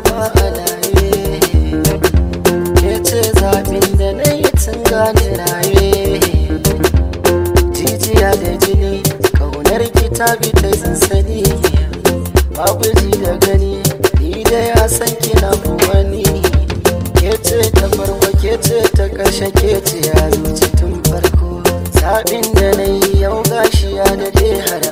ba a laye ke ce da na yi tun gane raye da jini kaunar kita bi ta sansani ba guji da gani ni da ya san kina buwani ke ce ta farko ke ce ta ƙarshe ke ce ya zuci tun farko zaɓin da na yi yau gashi ya da har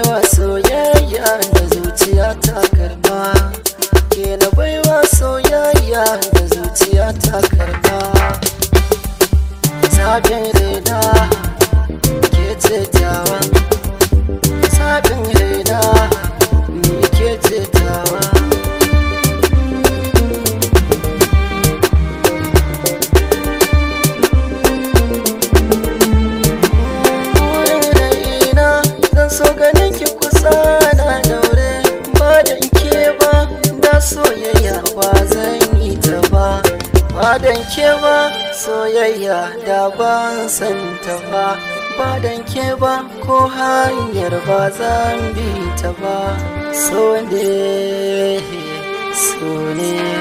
da zuciya ta karba safe ke ba soyayya da ba san ta ba ba dan ke ba ko hanyar ba zan bi ta ba so ne so ne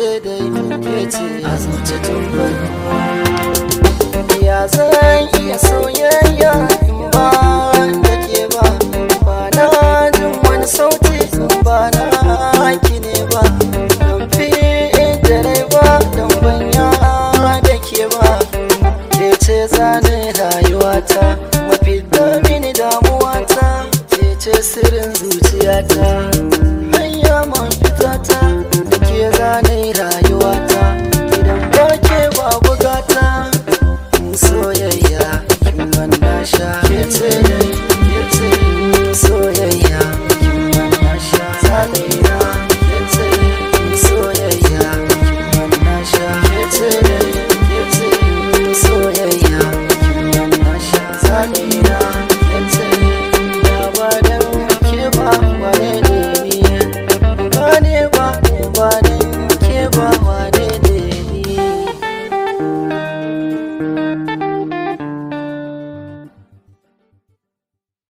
ce da ke ce a zuci tun ya zan iya sauyayya in ba da ke ba ba na jin wani sauti ba na haki ne ba don fi dare ba don banya da ke ba ke ce zane rayuwata mafi damini damuwata ke ce sirrin zuciyata me.